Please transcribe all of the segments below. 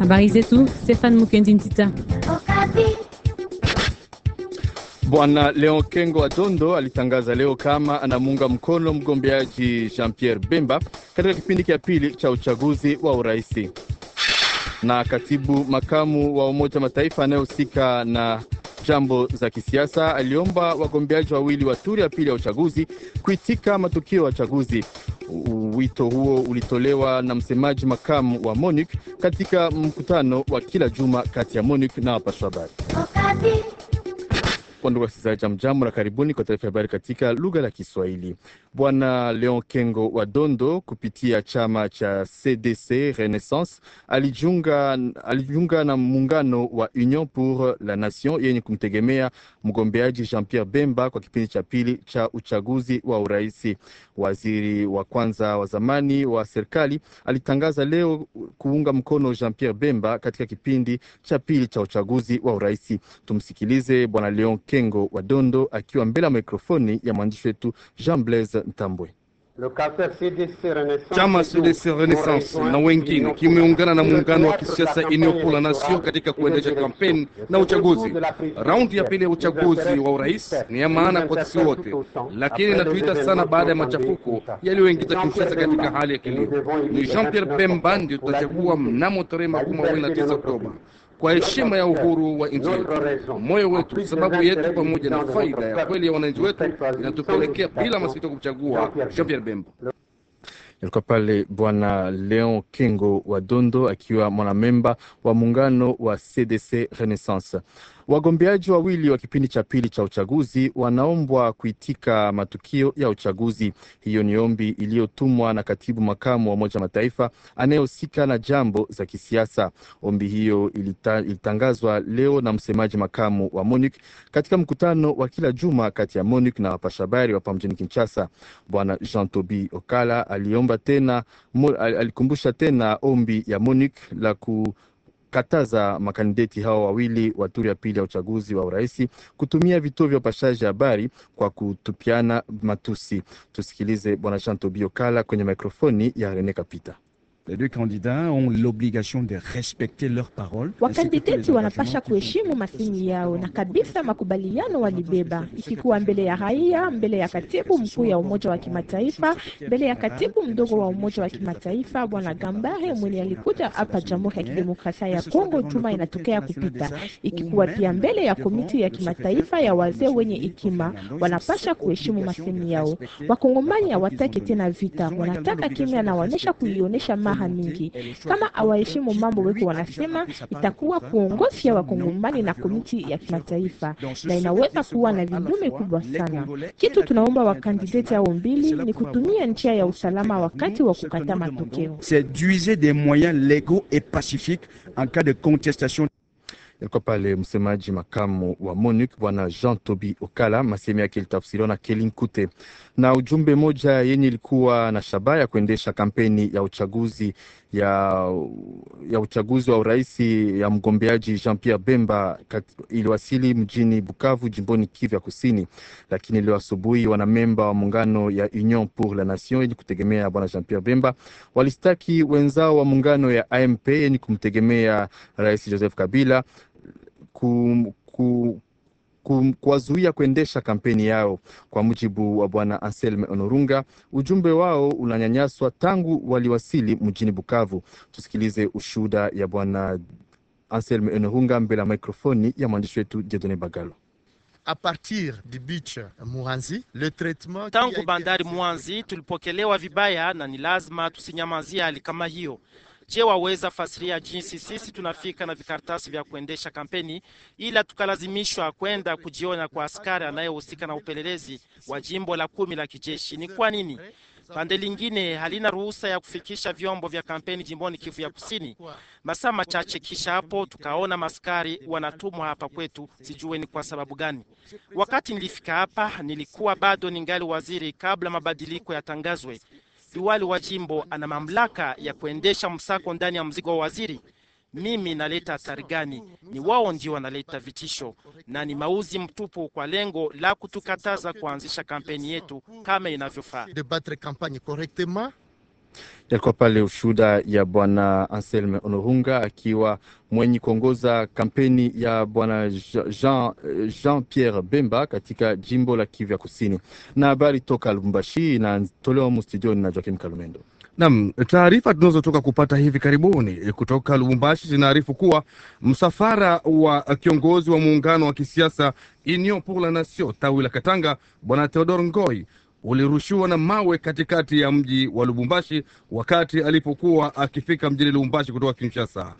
Habari ah zetu, Stefan Mukendi Ntita. Bwana Leon Kengo Adondo alitangaza leo kama anamuunga mkono mgombeaji Jean Pierre Bemba katika kipindi cha pili cha uchaguzi wa uraisi. Na katibu makamu wa Umoja Mataifa anayehusika na jambo za kisiasa, aliomba wagombeaji wawili wa turi ya pili ya uchaguzi kuitika matukio ya uchaguzi. Wito huo ulitolewa na msemaji makamu wa MONUC katika mkutano wa kila juma kati ya MONUC na wapasha habari. Ndugu wasikilizaji, jamjambo na karibuni kwa taarifa ya habari katika lugha la Kiswahili. Bwana Leon Kengo wa Dondo kupitia chama cha CDC Renaissance alijiunga, alijiunga na muungano wa Union pour la Nation yenye kumtegemea mgombeaji Jean-Pierre Bemba kwa kipindi cha pili cha uchaguzi wa urahisi Waziri wa kwanza wa zamani wa serikali alitangaza leo kuunga mkono Jean-Pierre Bemba katika kipindi cha pili cha uchaguzi wa urahisi Tumsikilize Bwana Leon Kengo wa Dondo akiwa mbele ya mikrofoni ya mwandishi wetu Jean Blaise Ntambwe. Chama CDC Renaissance na wengine kimeungana na muungano wa kisiasa eneo la Nation katika kuendesha kampeni na uchaguzi. Raundi ya pili ya uchaguzi wa urais ni ya maana kwa sisi wote, lakini inatuita sana baada ya machafuko yaliyoingiza Kinshasa katika hali ya kilio. Ni Jean Pierre Bemba ndio tutachagua mnamo tarehe makumi mawili na tisa Oktoba kwa heshima ya uhuru wa nchi yetu. Moyo wetu, sababu yetu, pamoja na faida ya kweli ya wananchi wetu inatupelekea bila masikito kumchagua Jean Pierre Bembo. Ilikuwa pale Bwana Leon Kengo wa Dondo akiwa mwanamemba wa muungano wa CDC Renaissance. Wagombeaji wawili wa kipindi cha pili cha uchaguzi wanaombwa kuitika matukio ya uchaguzi. Hiyo ni ombi iliyotumwa na katibu makamu wa Umoja Mataifa anayehusika na jambo za kisiasa. Ombi hiyo ilita, ilitangazwa leo na msemaji makamu wa MONUC katika mkutano wa kila juma kati ya MONUC na wapashabari wa pamjini Kinshasa. Bwana Jean Tobi Okala aliomba tena, alikumbusha tena ombi ya MONUC la ku kataza makandideti hao wawili wa turi ya pili ya uchaguzi wa urais kutumia vituo vya upashaji habari kwa kutupiana matusi. Tusikilize Bwana Jean Tobio Kala kwenye mikrofoni ya Rene Kapita. Les deux candidats ont l'obligation de respecter leurs paroles. Wakandideti wanapasha kuheshimu masemi yao na kabisa makubaliano walibeba, ikikuwa mbele ya raia, mbele ya katibu mkuu ya Umoja wa Kimataifa, mbele ya katibu mdogo wa Umoja wa Kimataifa Bwana Gambare mwenye alikuja hapa Jamhuri ya Kidemokrasia ya Kongo juma inatokea kupita, ikikuwa pia mbele ya komiti ya kimataifa ya wazee wenye hekima, wanapasha kuheshimu masemi yao. Wakongomani hawataki tena vita, wanataka kimya na waonesha kuionyesha msamaha mingi. Kama awaheshimu mambo wetu wanasema, itakuwa kuongofya wakongomani na komiti ya kimataifa, na inaweza kuwa na vindume kubwa sana. Kitu tunaomba wakandideti hao mbili ni kutumia njia ya usalama wakati wa kukata matokeo. des moyens légaux et pacifiques en cas de contestation Yalikuwa pale msemaji makamu wa MONUC Bwana Jean Tobi Okala, masemi yake ilitafsiriwa na Kelin Kute na ujumbe moja yenye ilikuwa na shabaha ya kuendesha kampeni ya uchaguzi ya, ya uchaguzi wa urais ya mgombeaji Jean Pierre Bemba iliwasili mjini Bukavu jimboni Kivu ya Kusini, lakini leo asubuhi wanamemba wa muungano ya Union pour la Nation yenye kutegemea bwana Jean Pierre Bemba walistaki wenzao wa muungano ya AMP yenye kumtegemea rais Joseph Kabila ku, ku, kuwazuia kuendesha kampeni yao. Kwa mujibu wa bwana Anselme Onorunga, ujumbe wao unanyanyaswa tangu waliwasili mjini Bukavu. Tusikilize ushuhuda ya bwana Anselme Onorunga mbele ya mikrofoni ya mwandishi wetu Jedone Bagalo. A partir du beach Mwanzi, le traitement tangu bandari Mwanzi tulipokelewa vibaya na ni lazima tusinyamazie hali kama hiyo. Je, waweza fasiria jinsi sisi tunafika na vikaratasi vya kuendesha kampeni, ila tukalazimishwa kwenda kujiona kwa askari anayehusika na upelelezi wa jimbo la kumi la kijeshi? Ni kwa nini pande lingine halina ruhusa ya kufikisha vyombo vya kampeni jimboni Kivu ya Kusini? Masaa machache kisha hapo tukaona maskari wanatumwa hapa kwetu, sijue ni kwa sababu gani. Wakati nilifika hapa, nilikuwa bado ningali waziri kabla mabadiliko yatangazwe liwali wa jimbo ana mamlaka ya kuendesha msako ndani ya mzigo wa waziri. Mimi naleta athari gani? Ni wao ndio wanaleta vitisho na ni mauzi mtupu kwa lengo la kutukataza kuanzisha kampeni yetu kama inavyofaa. Yalikuwa pale ushuhuda ya bwana Anselme Onohunga akiwa mwenye kuongoza kampeni ya bwana Jean, Jean Pierre Bemba katika jimbo la Kivu ya Kusini. Na habari toka Lubumbashi inatolewa mustudioni na Joakim Kalumendo. Nam, taarifa tunazotoka kupata hivi karibuni kutoka Lubumbashi zinaarifu kuwa msafara wa kiongozi wa muungano wa kisiasa Union pour la Nation tawi la Katanga, bwana Theodore Ngoi ulirushiwa na mawe katikati ya mji wa Lubumbashi wakati alipokuwa akifika mjini Lubumbashi kutoka Kinshasa.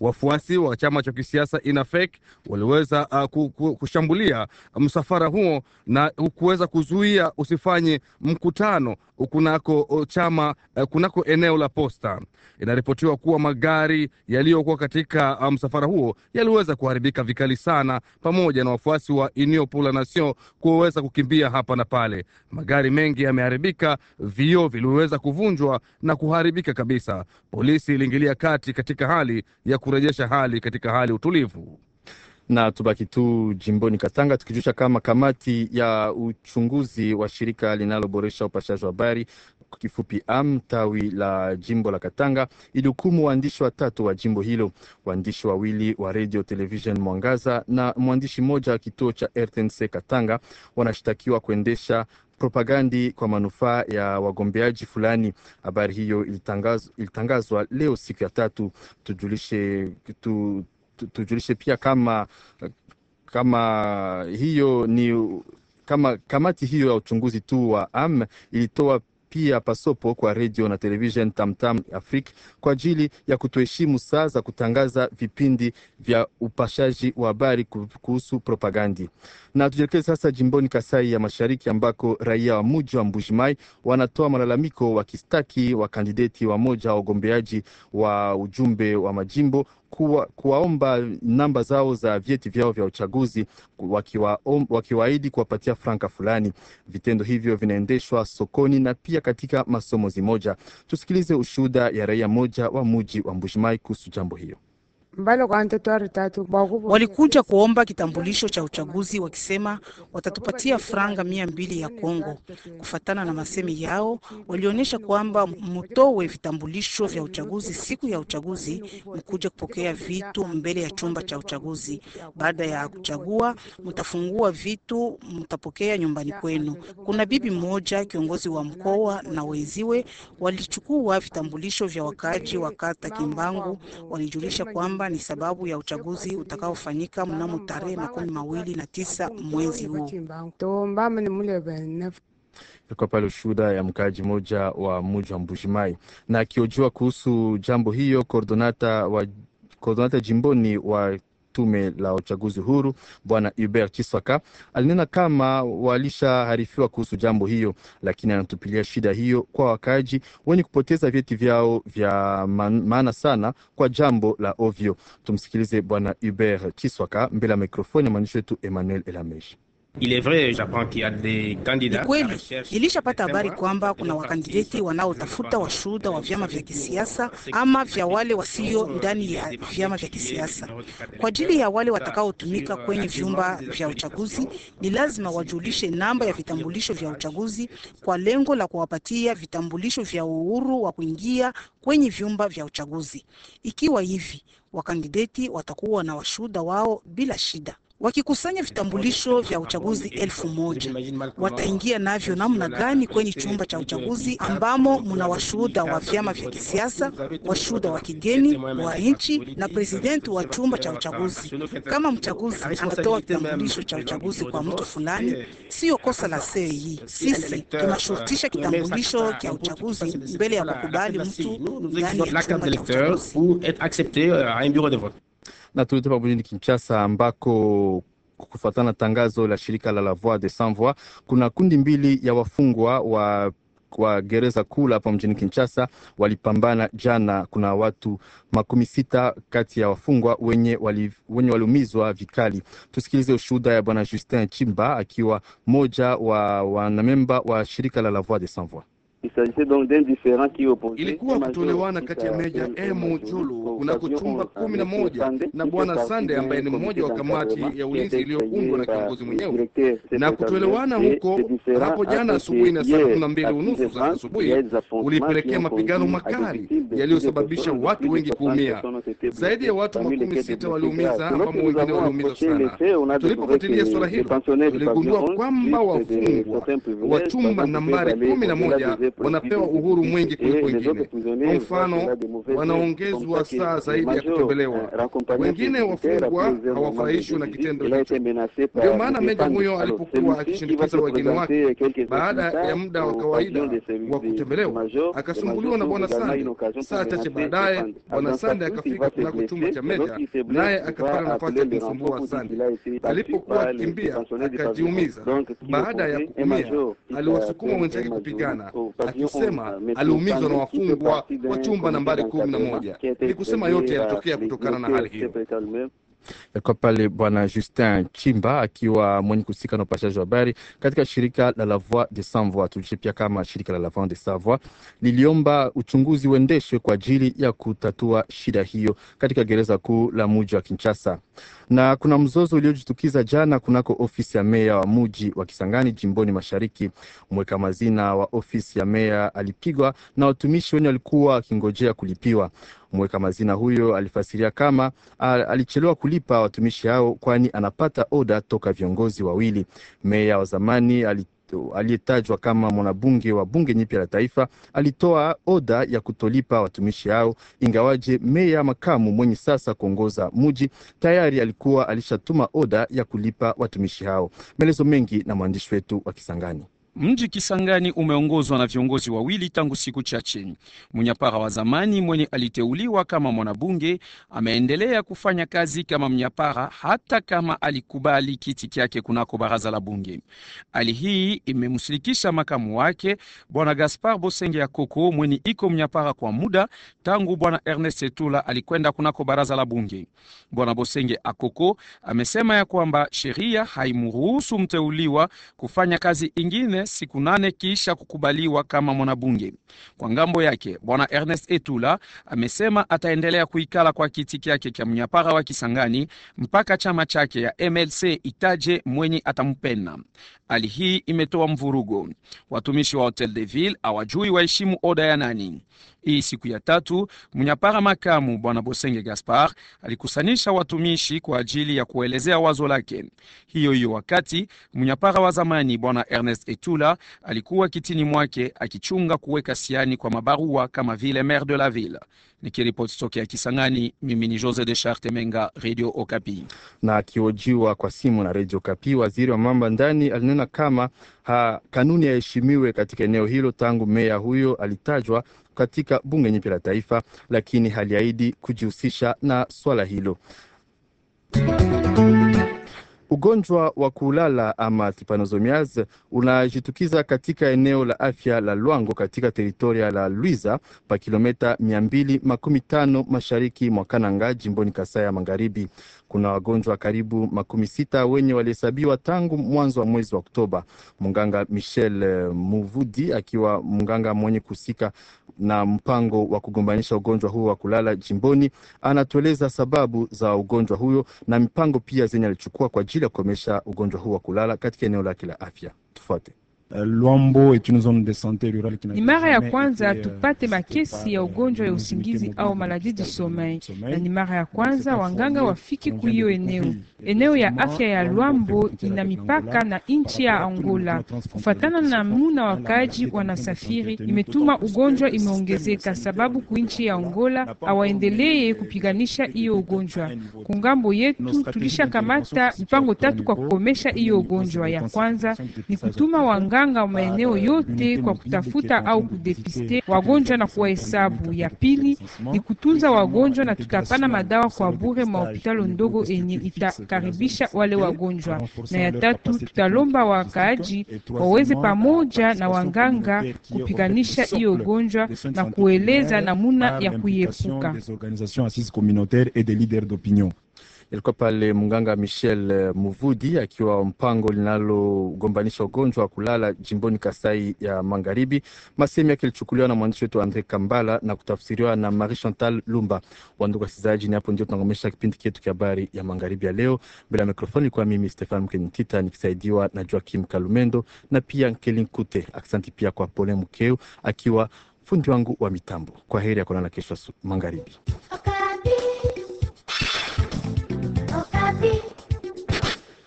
Wafuasi wa chama cha kisiasa Inafek waliweza uh, kushambulia msafara huo na kuweza kuzuia usifanye mkutano kunako chama eh, kunako eneo la posta. Inaripotiwa kuwa magari yaliyokuwa katika msafara um, huo yaliweza kuharibika vikali sana, pamoja na wafuasi wa Union pour la Nation kuweza kukimbia hapa na pale. Magari mengi yameharibika, vioo viliweza kuvunjwa na kuharibika kabisa. Polisi iliingilia kati katika hali ya kurejesha hali katika hali utulivu na tubaki tu jimboni Katanga tukijusha kama kamati ya uchunguzi wa shirika linaloboresha upashaji wa habari kifupi AM tawi la jimbo la Katanga ilihukumu waandishi watatu wa jimbo hilo, waandishi wawili wa radio television Mwangaza na mwandishi mmoja wa kituo cha RTNC Katanga wanashtakiwa kuendesha propagandi kwa manufaa ya wagombeaji fulani. Habari hiyo ilitangazwa, ilitangazwa leo siku ya tatu. Tujulishe tu pia kama kama hiyo ni kama kamati hiyo ya uchunguzi tu wa am ilitoa pia pasopo kwa redio na television Tamtam Afrique kwa ajili ya kutoheshimu saa za kutangaza vipindi vya upashaji wa habari kuhusu propagandi. Na tujielekeze sasa jimboni Kasai ya Mashariki, ambako raia wa muji wa Mbujimai wanatoa malalamiko wakistaki wakandideti wa moja wa ugombeaji wa ujumbe wa majimbo kuwa, kuwaomba namba zao za vyeti vyao vya uchaguzi wakiwaahidi wakiwa kuwapatia franka fulani. Vitendo hivyo vinaendeshwa sokoni na pia katika masomo zimoja. Tusikilize ushuhuda ya raia moja wa muji wa Mbujimayi kuhusu jambo hiyo walikuja kuomba kitambulisho cha uchaguzi wakisema watatupatia franga mia mbili ya Kongo. Kufatana na masemi yao, walionyesha kwamba mutowe vitambulisho vya uchaguzi siku ya uchaguzi, mkuja kupokea vitu mbele ya chumba cha uchaguzi. Baada ya kuchagua, mtafungua vitu, mtapokea nyumbani kwenu. Kuna bibi mmoja kiongozi wa mkoa na weziwe walichukua vitambulisho vya wakaaji wa kata Kimbangu, walijulisha kwamba ni sababu ya uchaguzi utakaofanyika mnamo tarehe makumi mawili na tisa mwezi huu. Ilikuwa pale ushuhuda ya mkaaji mmoja wa muji wa Mbujimai. Na akiojiwa kuhusu jambo hiyo, kordonata wa kordonata jimboni wa tume la uchaguzi huru bwana Hubert Chiswaka alinena kama walishaharifiwa kuhusu jambo hiyo, lakini anatupilia shida hiyo kwa wakaaji wenye kupoteza vyeti vyao vya maana sana kwa jambo la ovyo. Tumsikilize bwana Hubert Chiswaka mbele ya mikrofoni ya mwandishi wetu Emmanuel Elameshi. Ni kweli nilishapata habari kwamba kuna wakandideti wanaotafuta washuhuda wa vyama vya kisiasa ama vya wale wasio ndani ya vyama vya kisiasa. Kwa ajili ya wale watakaotumika kwenye euh, vyumba vya uchaguzi, ni lazima wajulishe namba ya vitambulisho vya uchaguzi kwa lengo la kuwapatia vitambulisho vya uhuru wa kuingia kwenye vyumba vya uchaguzi. Ikiwa hivi, wakandideti watakuwa na washuhuda wao bila shida wakikusanya vitambulisho vya uchaguzi elfu moja wataingia navyo namna gani kwenye chumba cha uchaguzi ambamo mna washuhuda wa vyama vya kisiasa, washuhuda wa kigeni, wa nchi na presidenti wa chumba cha uchaguzi. Kama mchaguzi anatoa kitambulisho cha uchaguzi kwa mtu fulani, siyo kosa la cei Sisi tunashurutisha kitambulisho cha uchaguzi mbele ya kukubali mtu ndani ya chumba cha uchaguzi na tulitoka mjini Kinshasa ambako kufuatana tangazo la shirika la La Voix des Sans Voix, kuna kundi mbili ya wafungwa wa wa gereza kuu la hapa mjini Kinshasa walipambana jana. Kuna watu makumi sita kati ya wafungwa wenye wali, wenye waliumizwa vikali. Tusikilize ushuhuda ya bwana Justin Chimba akiwa moja wa wanamemba wa shirika la La Voix des Sans Voix. Ilikuwa kutolewana kati ya Meja Emo Julu kunako chumba kumi na moja na Bwana Sande ambaye ni mmoja wa kamati ya ulinzi iliyoundwa na kiongozi mwenyewe na kutoelewana huko hapo jana asubuhi na saa kumi na mbili unusu za asubuhi ulipelekea mapigano makali yaliyosababisha watu wengi kuumia. Zaidi ya watu makumi sita waliumiza ambamo wengine waliumiza sana. Tulipofuatilia suala hilo, tuligundua kwamba wafungwa wa chumba nambari kumi na moja wanapewa uhuru mwingi kuliko eh, wengine. Kwa mfano, wanaongezwa saa zaidi ya kutembelewa. Eh, wengine wafungwa hawafurahishwi na kitendo hicho. Ndio maana meja huyo alipokuwa akishindikiza wageni wake, baada ya muda wa kawaida wa kutembelewa, akasumbuliwa na bwana Sande. Saa chache baadaye, bwana Sande akafika kunako chumba cha meja, naye akapata nafasi ya kumsumbua Sande. Alipokuwa akikimbia, akajiumiza. Baada ya eh, kuumia, aliwasukuma wenzake kupigana akisema aliumizwa na wafungwa wa chumba nambari kumi na moja. Ni kusema yote yanatokea kutokana na hali hiyo. Kwa pale bwana Justin Chimba akiwa mwenye kuhusika na upashaji wa habari katika shirika la La Voix de Sans Voix, pia kama shirika la La Voix de Sans Voix liliomba uchunguzi uendeshwe kwa ajili ya kutatua shida hiyo katika gereza kuu la muji wa Kinshasa. Na kuna mzozo uliojitukiza jana kunako ofisi ya meya wa muji wa Kisangani jimboni mashariki. Mweka mazina wa ofisi ya meya alipigwa na watumishi wenye walikuwa wakingojea kulipiwa Mweka mazina huyo alifasiria kama alichelewa kulipa watumishi hao, kwani anapata oda toka viongozi wawili. Meya wa zamani ali aliyetajwa kama mwanabunge wa bunge nyipya la taifa alitoa oda ya kutolipa watumishi hao, ingawaje meya makamu mwenye sasa kuongoza muji tayari alikuwa alishatuma oda ya kulipa watumishi hao. Maelezo mengi na mwandishi wetu wa Kisangani. Mji Kisangani umeongozwa na viongozi wawili tangu siku chache. Mnyapara wa zamani mwenye aliteuliwa kama mwanabunge ameendelea kufanya kazi kama mnyapara hata kama alikubali kiti chake kunako baraza la bunge. Hali hii imemshirikisha makamu wake bwana Gaspar Bosenge ya Koko mwenye iko mnyapara kwa muda tangu bwana Ernest Etula alikwenda kunako baraza la bunge. Bwana Bosenge Akoko amesema ya kwamba sheria haimruhusu mteuliwa kufanya kazi ingine nne siku nane kisha kukubaliwa kama mwanabunge. Kwa ngambo yake, bwana Ernest Etula amesema ataendelea kuikala kwa kiti kyake kya mnyapara wa Kisangani mpaka chama chake ya MLC itaje mwenye atampenda. Hali hii imetoa mvurugo, watumishi wa Hotel de Ville hawajui waheshimu oda ya nani. Hii siku ya tatu mnyapara makamu bwana Bosenge Gaspar alikusanisha watumishi kwa ajili ya kuelezea wazo lake. Hiyo hiyo wakati mnyapara wa zamani bwana Ernest Etula alikuwa kitini mwake akichunga kuweka siani kwa mabarua kama vile maire de la ville. Nikiripoti tokea Kisangani, mimi ni Jose de Charte Menga, Radio Okapi. Na akiojiwa kwa simu na Radio Okapi, waziri wa mambo ndani alinena kama ha, kanuni yaheshimiwe katika eneo hilo tangu meya huyo alitajwa katika bunge nyipya la taifa, lakini haliahidi kujihusisha na swala hilo. Ugonjwa wa kulala ama trypanosomiasis unajitukiza katika eneo la afya la Lwango katika teritoria la Luiza pa kilometa mia mbili makumi tano mashariki mwa Kananga jimboni Kasai ya Magharibi. Kuna wagonjwa karibu makumi sita wenye walihesabiwa tangu mwanzo wa mwezi wa Oktoba. Mganga Michel eh, Muvudi akiwa mganga mwenye kuhusika na mpango wa kugombanisha ugonjwa huo wa kulala jimboni anatueleza sababu za ugonjwa huyo na mipango pia zenye alichukua kwa ajili ya kukomesha ugonjwa huo wa kulala katika eneo lake la afya. Tufuate. Ni mara ya kwanza euh, tupate makesi ya euh, ugonjwa ya usingizi au maladi du sommeil, na ni mara ya kwanza wanganga wafike kuiyo eneo. Eneo ya afya ya Lwambo ina mipaka na nchi ya Angola. Kufatana na muna wakaji wanasafiri, imetuma ugonjwa imeongezeka, sababu ku nchi ya Angola awaendelee kupiganisha hiyo ugonjwa. Kungambo yetu tulishakamata mipango tatu kwa kukomesha hiyo ugonjwa. Ya kwanza ni kutuma wanganga waganga wa maeneo yote kwa kutafuta au kudepiste wagonjwa na kuwahesabu. Ya pili ni kutunza wagonjwa na tutapana madawa kwa bure mahopitalo ndogo enye itakaribisha wale wagonjwa, na ya tatu tutalomba wakaaji waweze pamoja na waganga kupiganisha hiyo ugonjwa na kueleza namuna ya kuiepuka ilikuwa pale mganga Michel eh, Muvudi akiwa mpango linalogombanisha ugonjwa wa kulala jimboni Kasai ya Magharibi. Masemi yake ilichukuliwa na mwandishi wetu Andre Kambala na kutafsiriwa na Marie Chantal Lumba. Wandugu wasikilizaji, ni hapo ndio tunakomesha kipindi chetu cha habari ya magharibi ya leo. Mbele ya mikrofoni ilikuwa mimi Stefan Mkenyitita nikisaidiwa na Joakim Kalumendo na pia Kute. Aksanti pia kwa Pole Mkeu akiwa fundi wangu wa mitambo. Kwa heri ya kuonana kesho magharibi.